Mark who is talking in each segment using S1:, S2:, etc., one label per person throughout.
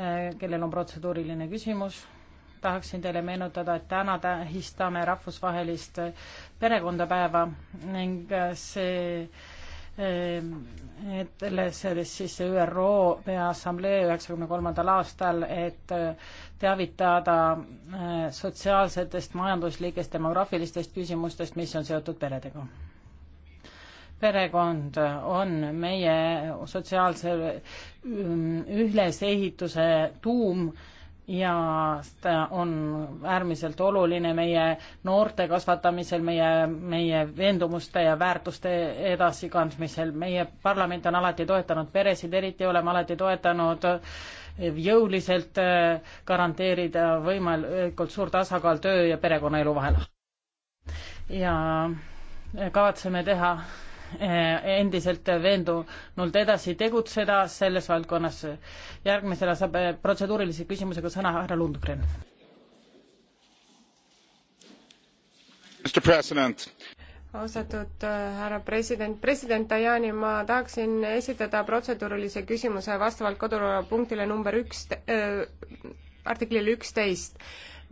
S1: Eh, kellel on protseduuriline küsimus. tahaksin teile meenutada, et täna tähistame rahvusvahelist eh, perekondapäeva ning eh, see et selles siis ÜRO Peaassamblee üheksakümne kolmandal aastal, et teavitada sotsiaalsetest, majanduslikest, demograafilistest küsimustest, mis on seotud peredega perekond on meie sotsiaalse mm, ülesehituse tuum ja ta on äärmiselt oluline meie noorte kasvatamisel, meie, meie veendumuste ja väärtuste edasikandmisel. meie parlament on alati toetanud peresid, eriti oleme alati toetanud jõuliselt äh, garanteerida võimalikult suur tasakaal töö ja perekonnaelu vahel. ja äh, kavatseme teha Eh, endiselt veendunult edasi tegutseda selles valdkonnas. järgmisena saab eh, protseduurilise küsimusega sõna härra Lundgren. austatud
S2: eh, härra president, president Tajani, ma tahaksin esitada protseduurilise küsimuse vastavalt kodukorrapunktile number üks äh,, artiklile üksteist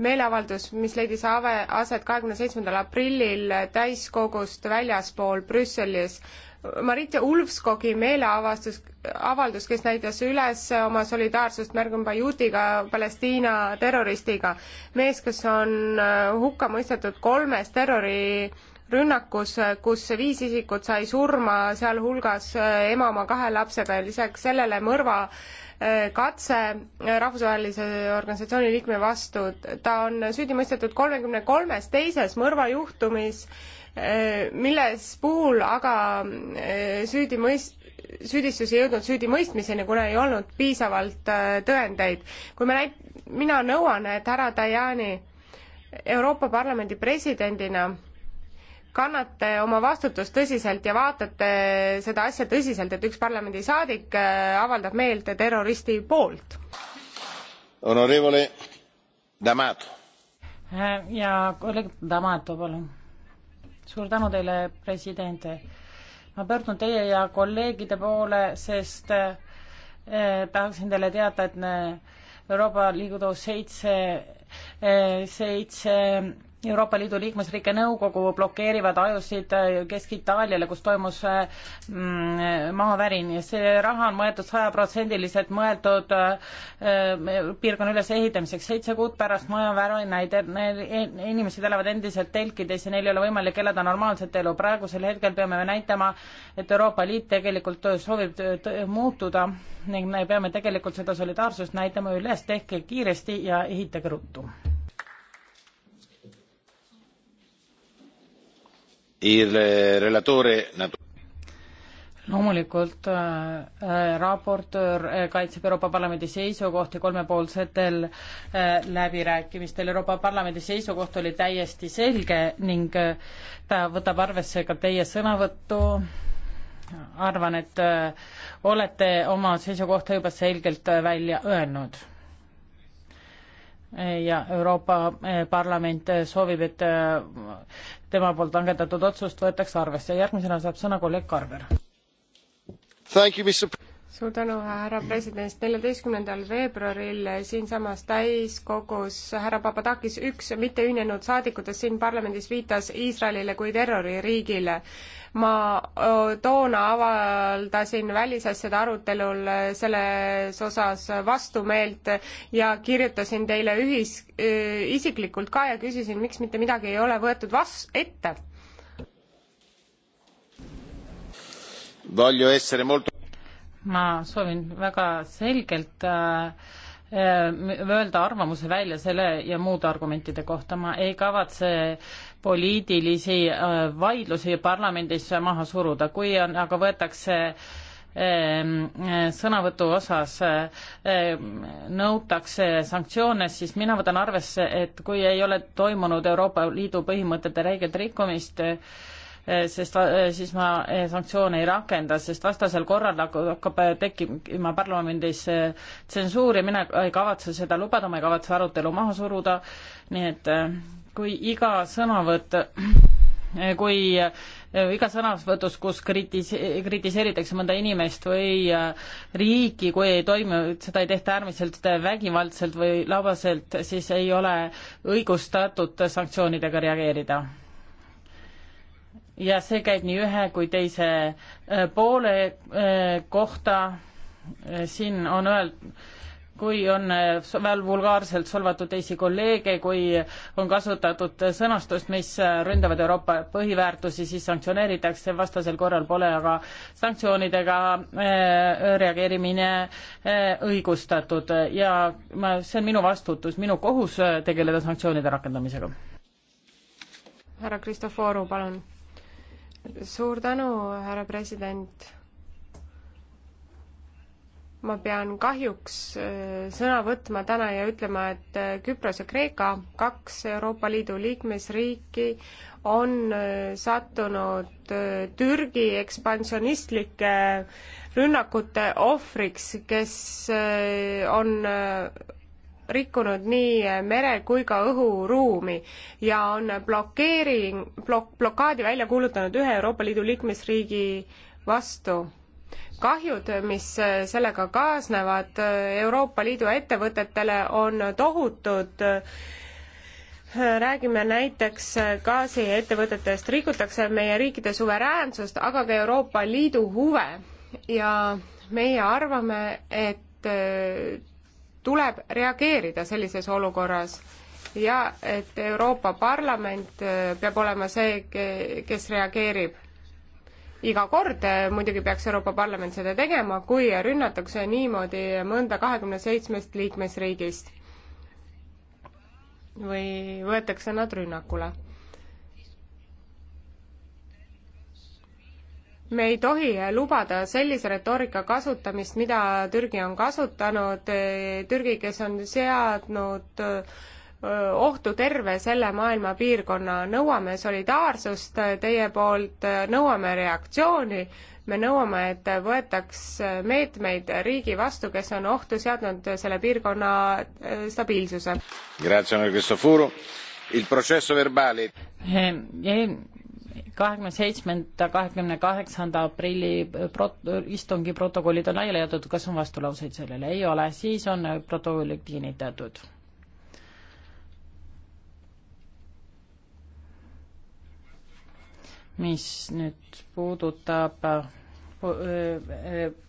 S2: meeleavaldus, mis leidis ave, aset kahekümne seitsmendal aprillil täiskogust väljaspool Brüsselis. Marite Ulfskogi meeleavastus, avaldus, kes näitas üles oma solidaarsust Mergen Bajutiga, Palestiina terroristiga, mees, kes on hukka mõistetud kolmes terrori rünnakus, kus viis isikut sai surma, sealhulgas eh, ema oma kahe lapsega ja lisaks sellele mõrva eh, katse eh, rahvusvahelise organisatsiooni liikme vastu. ta on süüdi mõistetud kolmekümne kolmes teises mõrvajuhtumis, milles puhul aga süüdi mõist-, süüdistus ei jõudnud süüdimõistmiseni, kuna ei olnud piisavalt tõendeid. kui me näit-, mina nõuan, et härra Tajani Euroopa Parlamendi presidendina kannate oma vastutust tõsiselt ja vaatate seda asja tõsiselt, et üks parlamendisaadik äh, avaldab meelt terroristi poolt?
S1: Honorevole D'Amato. Äh, ja kolleeg D'Amato, palun. suur tänu teile, president. ma pöördun teie ja kolleegide poole, sest eh, tahaksin teile teada, et Euroopa Liidu seitse eh,, seitse Euroopa Liidu liikmesriike nõukogu blokeerivad ajusid äh, Kesk-Itaaliale, kus toimus äh, mm, maavärin ja see raha on mõeldud sajaprotsendiliselt mõeldud äh, piirkonna ülesehitamiseks. seitse kuud pärast majavärinaid e-, inimesed elavad endiselt telkides ja neil ei ole võimalik elada normaalset elu. praegusel hetkel peame me näitama, et Euroopa Liit tegelikult soovib muutuda ning me peame tegelikult seda solidaarsust näitama üles, tehke kiiresti ja ehitage ruttu loomulikult äh, äh raportöör äh, kaitseb Euroopa Parlamendi seisukohti kolmepoolsetel äh, läbirääkimistel. Euroopa Parlamendi seisukoht oli täiesti selge ning äh, ta võtab arvesse ka teie sõnavõttu. arvan, et äh, olete oma seisukohta juba selgelt äh, välja öelnud ja Euroopa eh, Parlament eh, soovib, et eh, tema poolt langetatud otsust võetakse arvesse. järgmisena saab sõna kolleeg Carver
S2: suur tänu, härra president, neljateistkümnendal veebruaril siinsamas täiskogus härra Papadakis, üks mitteühinenud saadikutest siin parlamendis viitas Iisraelile kui terroririigile. ma toona avaldasin välisasjade arutelul selles osas vastumeelt ja kirjutasin teile ühis, isiklikult ka ja küsisin, miks mitte midagi ei ole võetud vas-, ette.
S1: Voglio essere molto ma soovin väga selgelt äh, äh, öelda arvamuse välja selle ja muude argumentide kohta, ma ei kavatse poliitilisi äh, vaidlusi parlamendis maha suruda, kui on, aga võetakse ähm, sõnavõtu osas nõutakse sanktsioone, siis mina võtan arvesse, et kui ei ole toimunud Euroopa Liidu põhimõtete räiget rikkumist, Eh, sest eh, siis ma eh, sanktsioone ei rakenda, sest vastasel korral nagu hakkab tekkima parlamendis tsensuur ja mina ei kavatse seda lubada, ma ei kavatse arutelu maha suruda, nii et kui iga sõnavõtt kui iga sõnavõtus, kus kritise-, kritiseeritakse mõnda inimest või riiki, kui ei toimi, seda ei tehta äärmiselt vägivaldselt või labaselt, siis ei ole õigustatud sanktsioonidega reageerida ja see käib nii ühe kui teise äh, poole äh, kohta. Äh, siin on öeldud, kui on veel vulgaarselt solvatud teisi kolleege, kui on kasutatud sõnastust, mis ründavad Euroopa põhiväärtusi, siis sanktsioneeritakse, vastasel korral pole aga sanktsioonidega reageerimine õigustatud ja ma, see on minu vastutus, minu kohus tegeleda sanktsioonide rakendamisega.
S2: härra Kristoforu, palun suur tänu, härra president. ma pean kahjuks äh, sõna võtma täna ja ütlema, et äh, Küpros ja Kreeka, kaks Euroopa Liidu liikmesriiki, on äh, sattunud Türgi ekspansionistlike rünnakute ohvriks, kes on rikkunud nii mere kui ka õhuruumi ja on blokeering, blok-, blokaadi välja kuulutanud ühe Euroopa Liidu liikmesriigi vastu. kahjud, mis sellega kaasnevad Euroopa Liidu ettevõtetele, on tohutud räägime näiteks gaasiettevõtetest, rikutakse meie riikide suveräänsust, aga ka Euroopa Liidu huve ja meie arvame, et tuleb reageerida sellises olukorras ja et Euroopa Parlament äh, peab olema see, kes reageerib. iga kord äh, muidugi peaks Euroopa Parlament seda tegema, kui rünnatakse niimoodi mõnda kahekümne seitsmest liikmesriigist või võetakse nad rünnakule me ei tohi lubada sellise retoorika kasutamist, mida Türgi on kasutanud, Türgi, kes on seadnud ohtu terve selle maailma piirkonna, nõuame solidaarsust teie poolt, nõuame reaktsiooni, me nõuame, et võetaks meetmeid riigi vastu, kes on ohtu seadnud selle piirkonna stabiilsuse.
S1: Grazie, Anna Cristoforo. Il processo verbale. Eh, eh kahekümne seitsmenda, kahekümne kaheksanda aprilli prot-, istungi protokollid on laiali jaotatud, kas on vastulauseid sellele? ei ole, siis on protokollid kinnitatud. mis nüüd puudutab äh, äh,